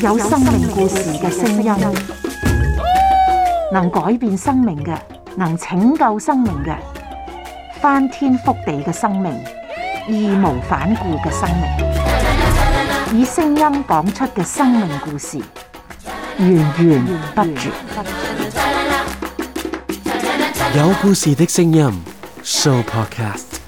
有生命故事嘅聲音，能改變生命嘅，能拯救生命嘅，翻天覆地嘅生命，義無反顧嘅生命，以聲音講出嘅生命故事，源源不絕。有故事嘅聲音，Show Podcast。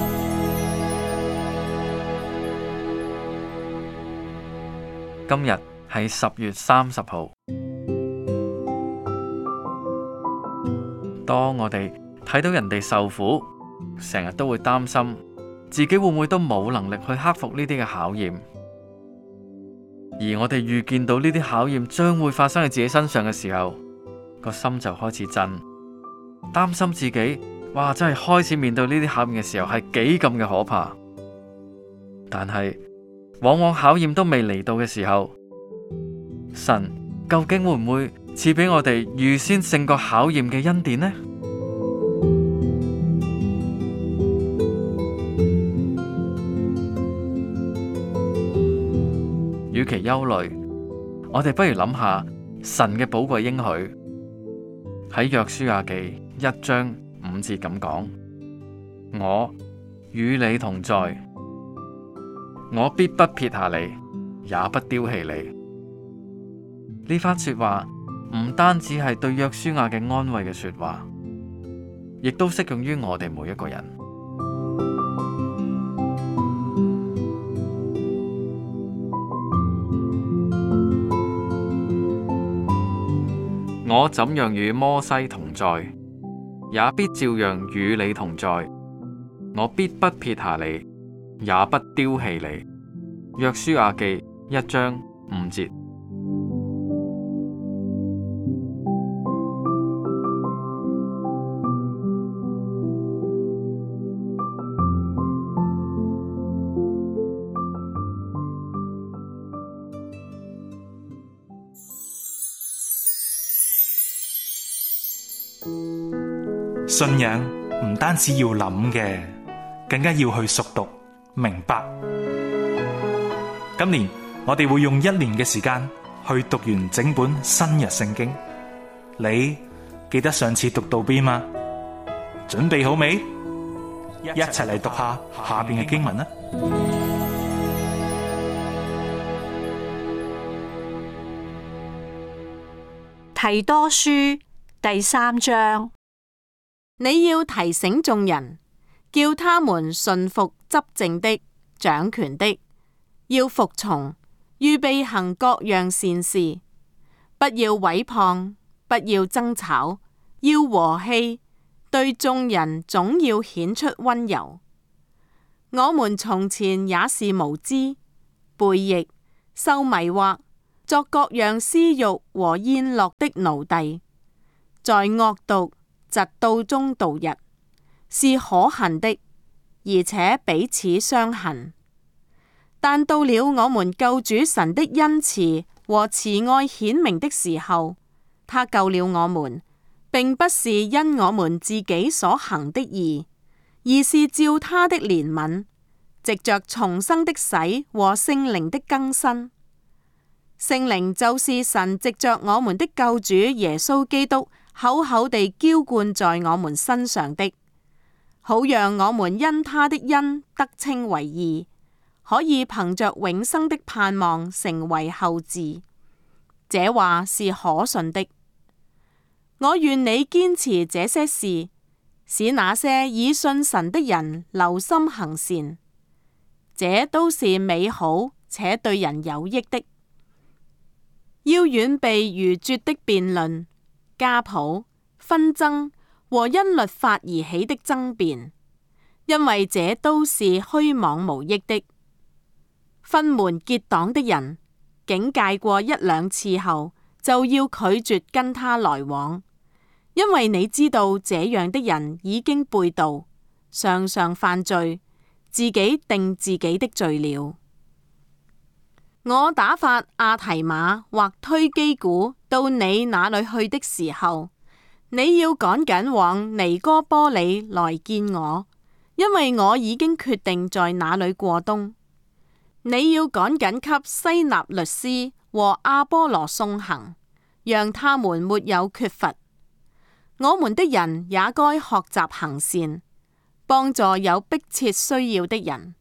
今日係十月三十號。當我哋睇到人哋受苦，成日都會擔心自己會唔會都冇能力去克服呢啲嘅考驗。而我哋預見到呢啲考驗將會發生喺自己身上嘅時候，個心就開始震，擔心自己，哇！真係開始面對呢啲考驗嘅時候係幾咁嘅可怕。但係，往往考驗都未嚟到嘅時候，神究竟會唔會賜俾我哋預先勝過考驗嘅恩典呢？與其憂慮，我哋不如諗下神嘅寶貴應許，喺約書亞記一章五節咁講：「我與你同在。」我必不撇下你，也不丟棄你。呢番說話唔單止係對約書亞嘅安慰嘅說話，亦都適用於我哋每一個人。 我怎樣與摩西同在，也必照樣與你同在。我必不撇下你。也不丟棄你。約書亞記一章五節。信仰唔單止要諗嘅，更加要去熟讀。明白。今年我哋會用一年嘅時間去讀完整本新約聖經。你記得上次讀到邊嗎？準備好未？一齊嚟讀下下邊嘅經文啦。提多書第三章，你要提醒眾人，叫他們信服。執政的、掌權的，要服從，預備行各樣善事，不要毀謗，不要爭吵，要和氣，對眾人總要顯出溫柔。我們從前也是無知、背逆、受迷惑，作各樣私欲和宴樂的奴隸，在惡毒、嫉妒中度日，是可恨的。而且彼此相恨，但到了我們救主神的恩慈和慈愛顯明的時候，他救了我們，並不是因我們自己所行的義，而是照他的憐憫，藉着重生的洗和聖靈的更新。聖靈就是神藉着我們的救主耶穌基督厚厚地澆灌在我們身上的。好讓我們因他的恩得稱為義，可以憑着永生的盼望成為後嗣。這話是可信的。我願你堅持這些事，使那些以信神的人留心行善。這都是美好且對人有益的。要遠避愚拙的辯論、家譜紛爭，和因律法而起的爭辯，因為這都是虛妄無益的。分門結黨的人，警戒過一兩次後，就要拒絕跟他來往，因為你知道這樣的人已經背道，常常犯罪，自己定自己的罪了。我打發亞提馬或推基古到你那裏去的時候。你要趕緊往尼哥波里來見我，因為我已經決定在那裏過冬。你要趕緊給西納律師和阿波羅送行，讓他們沒有缺乏。我們的人也該學習行善，幫助有迫切需要的人，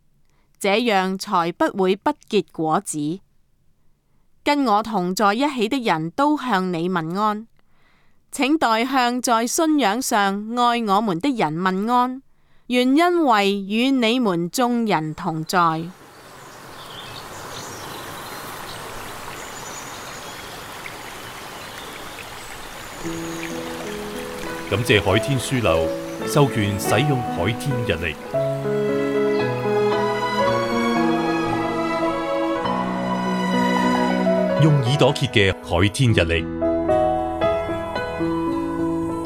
這樣才不會不結果子。跟我同在一起的人都向你問安。請代向在信仰上愛我們的人問安，願恩惠與你們眾人同在。感謝海天書樓授權使用海天日曆，用耳朵揭嘅海天日曆。